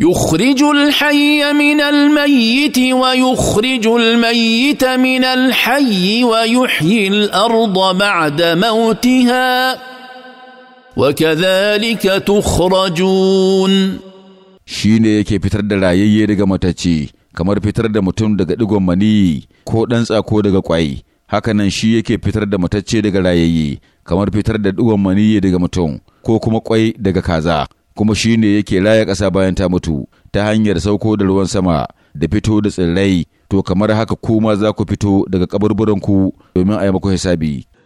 يخرج الحي من الميت ويخرج الميت من الحي ويحيي الارض بعد موتها وكذلك تخرجون shine yake fitar da rayayye daga matacce kamar fitar da mutum daga digon maniyi ko ɗan tsako daga ƙwai hakanan shi yake fitar da matacce daga rayayye kamar fitar da digon maniyi daga mutum ko kuma ƙwai daga kaza kuma shi ne yake raya ƙasa bayan ta mutu ta hanyar sauko da ruwan sama da fito da tsirrai to kamar haka kuma za ku fito daga kaburburanku domin a yi muku hisabi